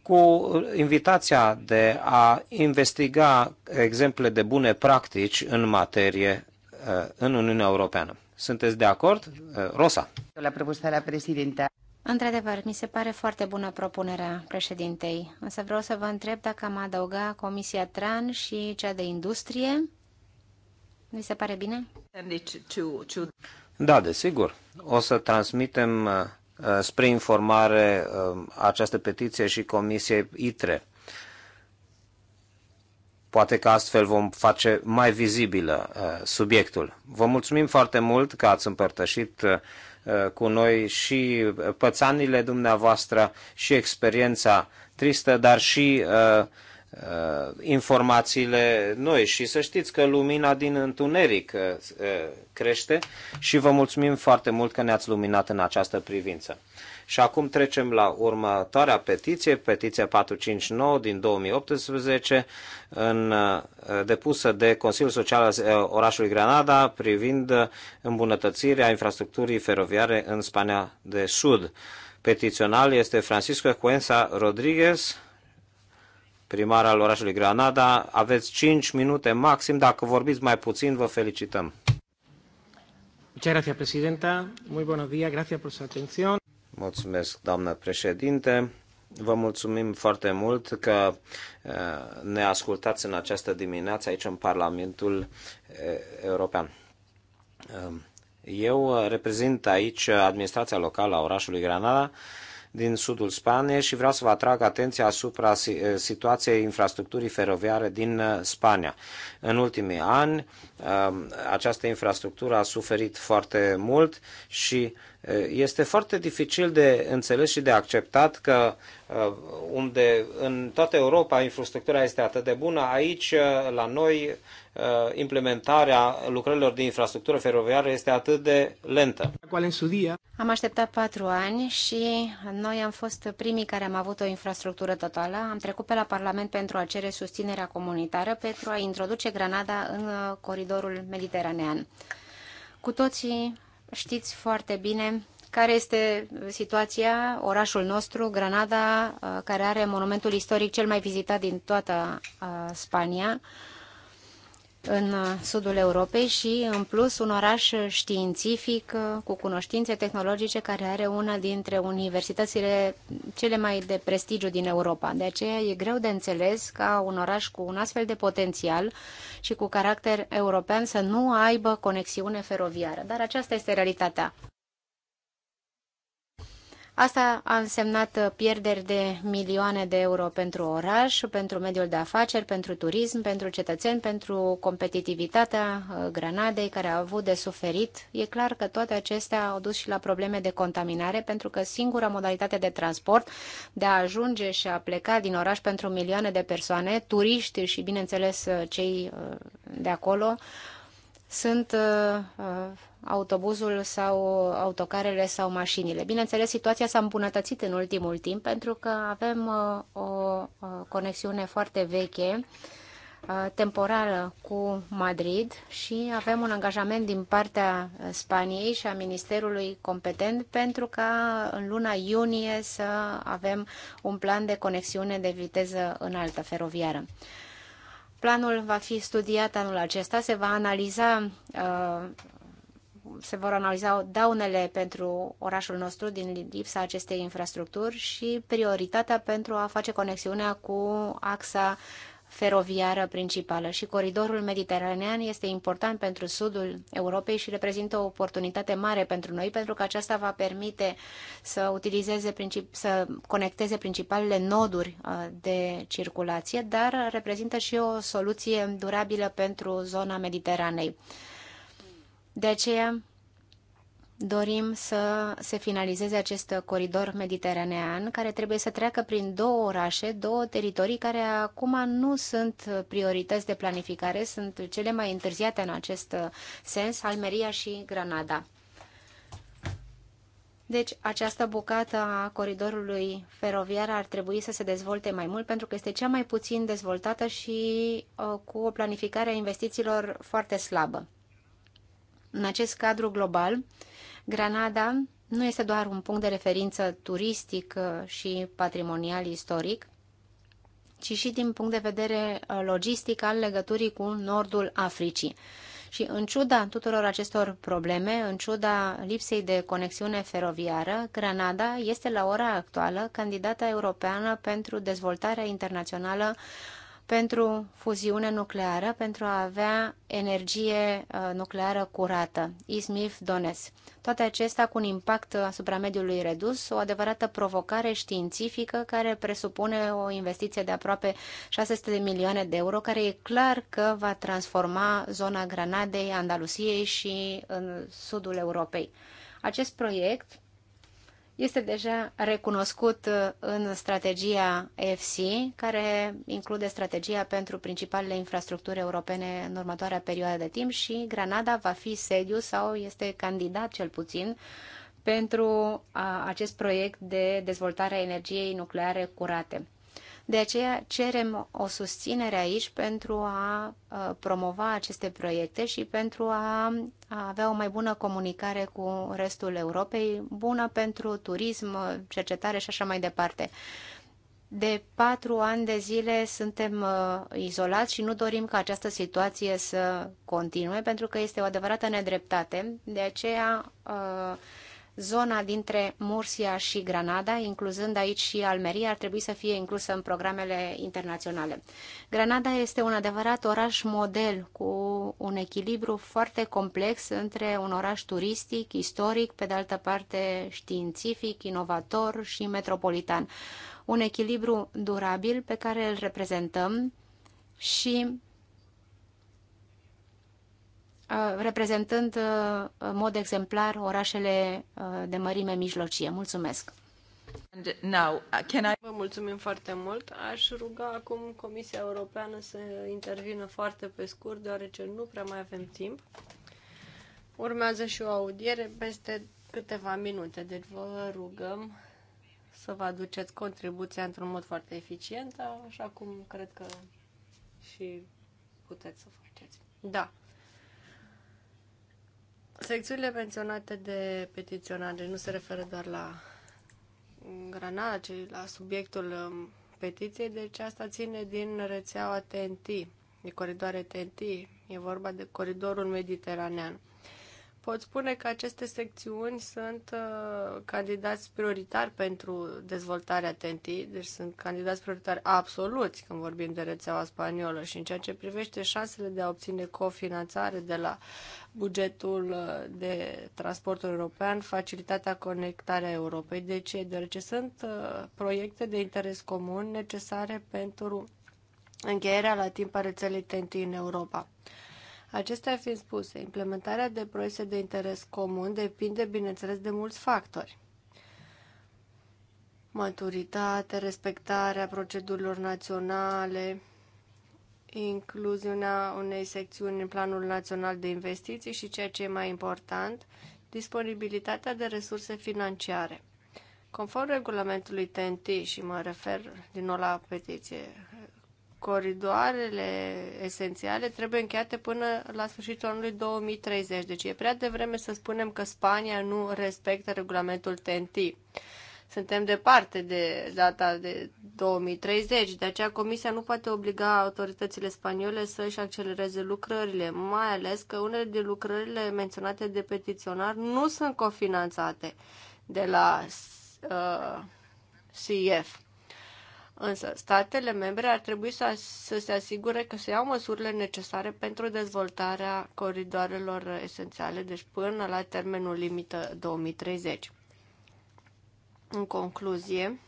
cu invitația de a investiga exemple de bune practici în materie uh, în Uniunea Europeană. Sunteți de acord? Uh, Rosa. La propunerea președinte. Într-adevăr, mi se pare foarte bună propunerea președintei, însă vreau să vă întreb dacă am adăugat Comisia TRAN și cea de industrie. Mi se pare bine? Deci, da, desigur. O să transmitem uh, spre informare uh, această petiție și Comisiei ITRE. Poate că astfel vom face mai vizibilă uh, subiectul. Vă mulțumim foarte mult că ați împărtășit uh, cu noi și pățanile dumneavoastră și experiența tristă, dar și uh, uh, informațiile noi. Și să știți că lumina din întuneric uh, uh crește și vă mulțumim foarte mult că ne-ați luminat în această privință. Și acum trecem la următoarea petiție, petiția 459 din 2018, în, uh, depusă de Consiliul Social al uh, orașului Granada privind uh, îmbunătățirea infrastructurii feroviare în Spania de Sud. Petițional este Francisco Cuenza Rodriguez, primar al orașului Granada. Aveți 5 minute maxim. Dacă vorbiți mai puțin, vă felicităm. Muchas gracias, Presidenta. Muy buenos días. Gracias por su atención. Mulțumesc, doamnă președinte. Vă mulțumim foarte mult că eh, ne ascultați în această dimineață aici în Parlamentul eh, European. Ehm, eu eh, reprezint aici administrația locală a orașului Granada din sudul Spaniei și vreau să vă atrag atenția asupra situației infrastructurii feroviare din Spania. În ultimii ani, ehm, această infrastructură a suferit foarte mult și Eh, este foarte dificil de înțeles și de acceptat că eh, unde în toată Europa infrastructura este atât de bună, aici eh, la noi implementarea lucrărilor de infrastructură feroviară este atât de lentă. Am așteptat patru ani și noi am fost primii care am avut o infrastructură totală. Am trecut pe la Parlament pentru a cere susținerea comunitară pentru a introduce Granada în coridorul mediteranean. Cu toții știți foarte bine care este situația, orașul nostru, Granada, uh, care are monumentul istoric cel mai vizitat din toată uh, Spania în uh, sudul Europei și, în plus, un oraș științific uh, cu cunoștințe tehnologice care are una dintre universitățile cele mai de prestigiu din Europa. De aceea e greu de înțeles ca un oraș cu un astfel de potențial și cu caracter european să nu aibă conexiune feroviară. Dar aceasta este realitatea. Asta a însemnat uh, pierderi de milioane de euro pentru oraș, pentru mediul de afaceri, pentru turism, pentru cetățeni, pentru competitivitatea uh, Granadei, care a avut de suferit. E clar că toate acestea au dus și la probleme de contaminare, pentru că singura modalitate de transport de a ajunge și a pleca din oraș pentru milioane de persoane, turiști și, bineînțeles, uh, cei de acolo, sunt autobuzul sau autocarele sau mașinile. Bineînțeles, situația s-a îmbunătățit în ultimul timp pentru că avem uh, o uh, conexiune foarte veche uh, temporală cu Madrid și avem un angajament din partea Spaniei și a Ministerului competent pentru ca în luna iunie să avem un plan de conexiune de viteză înaltă feroviară. Planul va fi studiat anul acesta, se va analiza uh, se vor analiza daunele pentru orașul nostru din lipsa acestei infrastructuri și prioritatea pentru a face conexiunea cu axa feroviară principală și coridorul mediteranean este important pentru sudul Europei și reprezintă o oportunitate mare pentru noi pentru că aceasta va permite să utilizeze să conecteze principalele noduri uh, de circulație, dar reprezintă și o soluție durabilă pentru zona Mediteranei. De aceea dorim să se finalizeze acest coridor mediteranean, care trebuie să treacă prin două orașe, două teritorii care acum nu sunt priorități de planificare, sunt cele mai întârziate în acest sens, Almeria și Granada. Deci, această bucată a coridorului feroviar ar trebui să se dezvolte mai mult pentru că este cea mai puțin dezvoltată și uh, cu o planificare a investițiilor foarte slabă. În acest cadru global, Granada nu este doar un punct de referință turistic uh, și patrimonial istoric, ci și din punct de vedere uh, logistic al legăturii cu nordul Africii. Și în ciuda tuturor acestor probleme, în ciuda lipsei de conexiune feroviară, Granada este la ora actuală candidata europeană pentru dezvoltarea internațională pentru fuziune nucleară, pentru a avea energie uh, nucleară curată, ISMIF dones. Toate acestea cu un impact asupra mediului redus, o adevărată provocare științifică care presupune o investiție de aproape 600 de milioane de euro, care e clar că va transforma zona Granadei, Andalusiei și în sudul Europei. Acest proiect este deja recunoscut uh, în strategia EFC, care include strategia pentru principalele infrastructuri europene în următoarea perioadă de timp și Granada va fi sediu sau este candidat cel puțin pentru acest proiect de dezvoltare a energiei nucleare curate. De aceea cerem o susținere aici pentru a promova aceste proiecte și pentru a avea o mai bună comunicare cu restul Europei, bună pentru turism, cercetare și așa mai departe. De patru ani de zile suntem izolați și nu dorim ca această situație să continue, pentru că este o adevărată nedreptate. De aceea zona dintre Mursia și Granada, incluzând aici și Almeria, ar trebui să fie inclusă în programele internaționale. Granada este un adevărat oraș model cu un echilibru foarte complex între un oraș turistic, istoric, pe de altă parte științific, inovator și metropolitan. Un echilibru durabil pe care îl reprezentăm și Uh, reprezentând uh, în mod exemplar orașele uh, de mărime mijlocie. Mulțumesc! Now, can I... Vă mulțumim foarte mult. Aș ruga acum Comisia Europeană să intervină foarte pe scurt, deoarece nu prea mai avem timp. Urmează și o audiere peste câteva minute, deci vă rugăm să vă aduceți contribuția într-un mod foarte eficient, așa cum cred că și puteți să faceți. Da. Secțiunile menționate de petiționare nu se referă doar la Granada, ci la subiectul um, petiției, deci asta ține din rețeaua TNT, de coridoare TNT. E vorba de coridorul mediteranean pot spune că aceste secțiuni sunt uh, candidați prioritari pentru dezvoltarea TNT, deci sunt candidați prioritari absoluți când vorbim de rețeaua spaniolă și în ceea ce privește șansele de a obține cofinanțare de la bugetul uh, de transport european, facilitatea conectarea Europei. De ce? Deoarece sunt uh, proiecte de interes comun necesare pentru încheierea la timp a rețelei TNT în Europa. Acestea fiind spuse, implementarea de proiecte de interes comun depinde, bineînțeles, de mulți factori. Maturitate, respectarea procedurilor naționale, incluziunea unei secțiuni în Planul Național de Investiții și, ceea ce e mai important, disponibilitatea de resurse financiare. Conform regulamentului TNT și mă refer din nou la petiție coridoarele esențiale trebuie încheiate până la sfârșitul anului 2030. Deci e prea devreme să spunem că Spania nu respectă regulamentul TNT. Suntem departe de data de 2030, de aceea Comisia nu poate obliga autoritățile spaniole să își accelereze lucrările, mai ales că unele din lucrările menționate de petiționar nu sunt cofinanțate de la uh, CF. Însă, statele membre ar trebui să, să se asigure că se iau măsurile necesare pentru dezvoltarea coridoarelor esențiale, deci până la termenul limită 2030. În concluzie,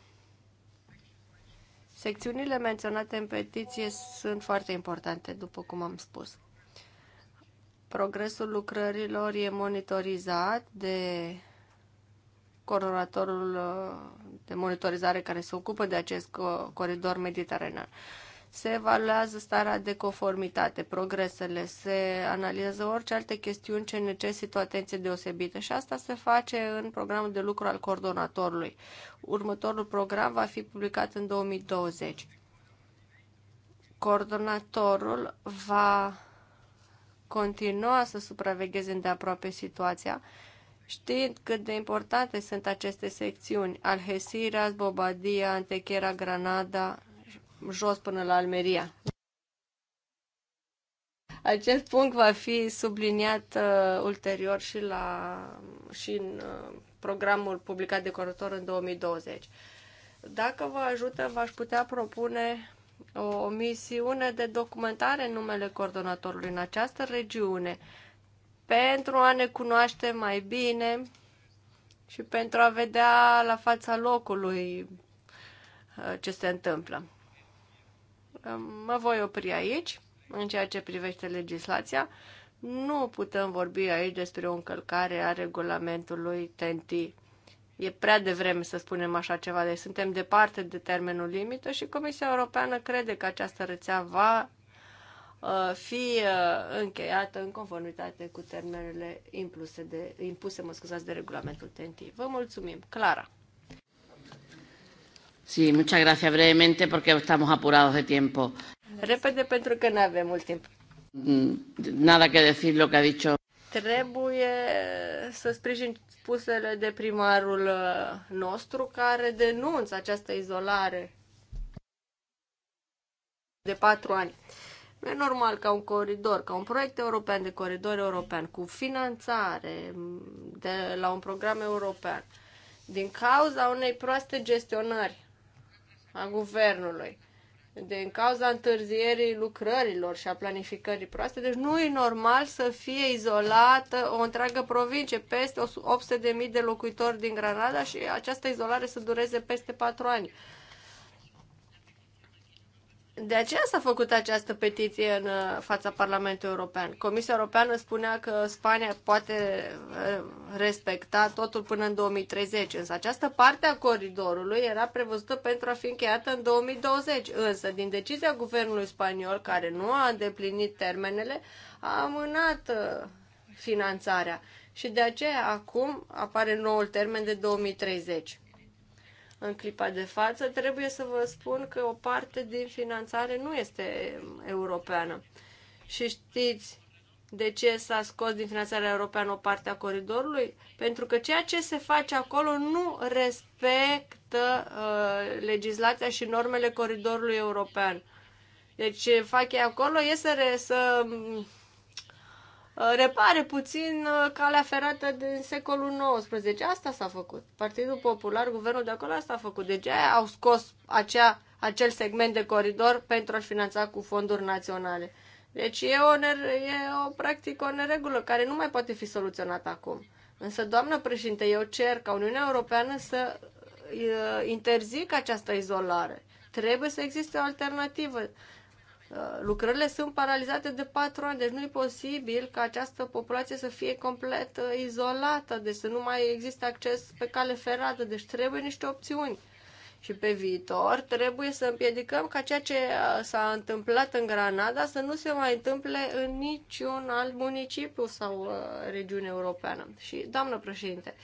secțiunile menționate în petiție sunt foarte importante, după cum am spus. Progresul lucrărilor e monitorizat de coordonatorul uh, de monitorizare care se ocupă de acest coridor mediteranean. Se evaluează starea de conformitate, progresele, se analizează orice alte chestiuni ce necesită o atenție deosebită și asta se face în programul de lucru al coordonatorului. Următorul program va fi publicat în 2020. Coordonatorul va continua să supravegheze îndeaproape situația știind cât de importante sunt aceste secțiuni, Algeciras, Bobadia, Antequera, Granada, jos până la Almeria. Acest punct va fi subliniat uh, ulterior și, la, și în uh, programul publicat de Corotor în 2020. Dacă vă ajută, v-aș putea propune o, o misiune de documentare în numele coordonatorului în această regiune, pentru a ne cunoaște mai bine și pentru a vedea la fața locului uh, ce se întâmplă. Um, mă voi opri aici în ceea ce privește legislația. Nu putem vorbi aici despre o încălcare a regulamentului TNT. E prea devreme să spunem așa ceva, deci suntem departe de termenul limită și Comisia Europeană crede că această rețea va Uh, fi uh, încheiată în conformitate cu termenele impuse, de, impuse mă scuzați, de regulamentul TNT. Vă mulțumim. Clara. Sí, muchas gracias brevemente porque estamos apurados de tiempo. Repede pentru că nu avem mult timp. Mm, nada que decir lo que ha dicho. Trebuie să sprijin spusele de primarul uh, nostru care denunță această izolare de patru ani. Nu e normal ca un coridor, ca un proiect european de coridor european, cu finanțare de la un program european, din cauza unei proaste gestionări a guvernului, din cauza întârzierii lucrărilor și a planificării proaste, deci nu e normal să fie izolată o întreagă provincie, peste 800.000 de locuitori din Granada și această izolare să dureze peste 4 ani. De aceea s-a făcut această petiție în uh, fața Parlamentului European. Comisia Europeană spunea că Spania poate uh, respecta totul până în 2030, însă această parte a coridorului era prevăzută pentru a fi încheiată în 2020. Însă, din decizia guvernului spaniol, care nu a îndeplinit termenele, a amânat uh, finanțarea. Și de aceea acum apare noul termen de 2030 în clipa de față, trebuie să vă spun că o parte din finanțare nu este europeană. Și știți de ce s-a scos din finanțarea europeană o parte a coridorului? Pentru că ceea ce se face acolo nu respectă uh, legislația și normele coridorului european. Deci ce fac ei acolo este să, să Uh, repare puțin uh, calea ferată din secolul XIX. Asta s-a făcut. Partidul Popular, guvernul de acolo, asta a făcut. Deci au scos acea, acel segment de coridor pentru a-l finanța cu fonduri naționale. Deci e o, e o practică, o neregulă care nu mai poate fi soluționată acum. Însă, doamnă președinte, eu cer ca Uniunea Europeană să uh, interzică această izolare. Trebuie să existe o alternativă. Uh, lucrările sunt paralizate de patru ani, deci nu e posibil ca această populație să fie complet uh, izolată, deci să nu mai există acces pe cale ferată, deci trebuie niște opțiuni. Și pe viitor trebuie să împiedicăm ca ceea ce uh, s-a întâmplat în Granada să nu se mai întâmple în niciun alt municipiu sau regiune europeană. Și, doamnă președinte,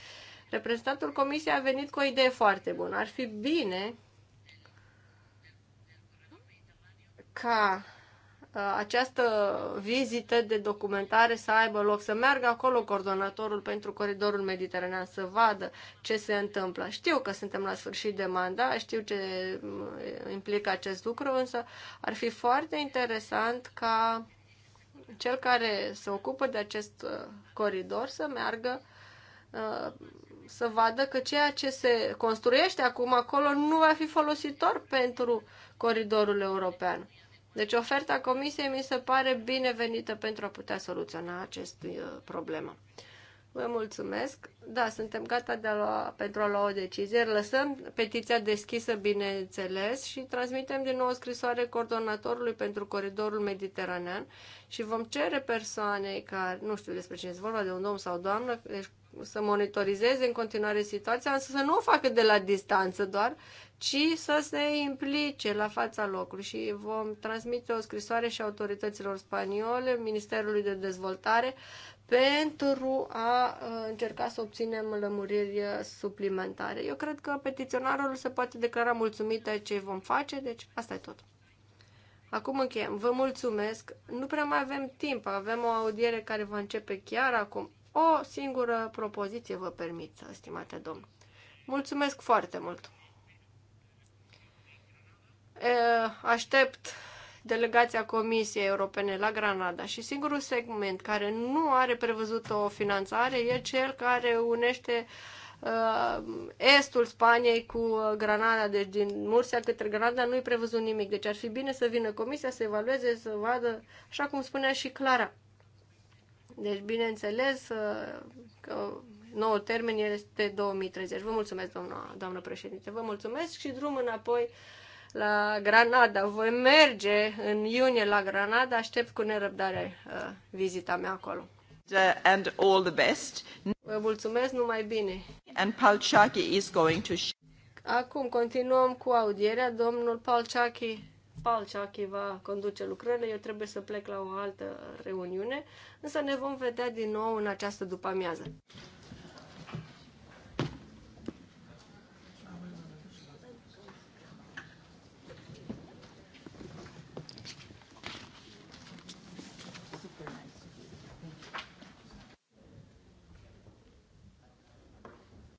reprezentantul Comisiei a venit cu o idee foarte bună. Ar fi bine ca uh, această vizită de documentare să aibă loc, să meargă acolo coordonatorul pentru coridorul mediteranean, să vadă ce se întâmplă. Știu că suntem la sfârșit de mandat, știu ce uh, implică acest lucru, însă ar fi foarte interesant ca cel care se ocupă de acest uh, coridor să meargă să vadă că ceea ce se construiește acum acolo nu va fi folositor pentru coridorul european deci oferta comisiei mi se pare binevenită pentru a putea soluționa acest uh, problemă. Vă mulțumesc. Da, suntem gata de a lua, pentru a lua o decizie. Lăsăm petiția deschisă, bineînțeles, și transmitem din nou o scrisoare coordonatorului pentru coridorul mediteranean și vom cere persoanei care, nu știu despre cine este vorba, de un domn sau o doamnă, deci să monitorizeze în continuare situația, însă să nu o facă de la distanță doar, ci să se implice la fața locului și vom transmite o scrisoare și autorităților spaniole, Ministerului de Dezvoltare, pentru a încerca să obținem lămuriri suplimentare. Eu cred că petiționarul se poate declara mulțumit de ce vom face, deci asta e tot. Acum încheiem. Vă mulțumesc. Nu prea mai avem timp. Avem o audiere care va începe chiar acum. O singură propoziție vă permit, stimate domn. Mulțumesc foarte mult! Aștept delegația Comisiei Europene la Granada și singurul segment care nu are prevăzut o finanțare e cel care unește estul Spaniei cu Granada, deci din Mursia către Granada nu-i prevăzut nimic. Deci ar fi bine să vină comisia să evalueze, să vadă, așa cum spunea și Clara. Deci, bineînțeles uh, că nouă termen este 2030. Vă mulțumesc, doamna, doamnă președinte. Vă mulțumesc și drum înapoi la Granada. Voi merge în iunie la Granada. Aștept cu nerăbdare uh, vizita mea acolo. And all the best. Vă mulțumesc, numai bine. And Palchaki is going to... Acum continuăm cu audierea. Domnul Palchaki Palceache va conduce lucrările, eu trebuie să plec la o altă reuniune, însă ne vom vedea din nou în această după-amiază.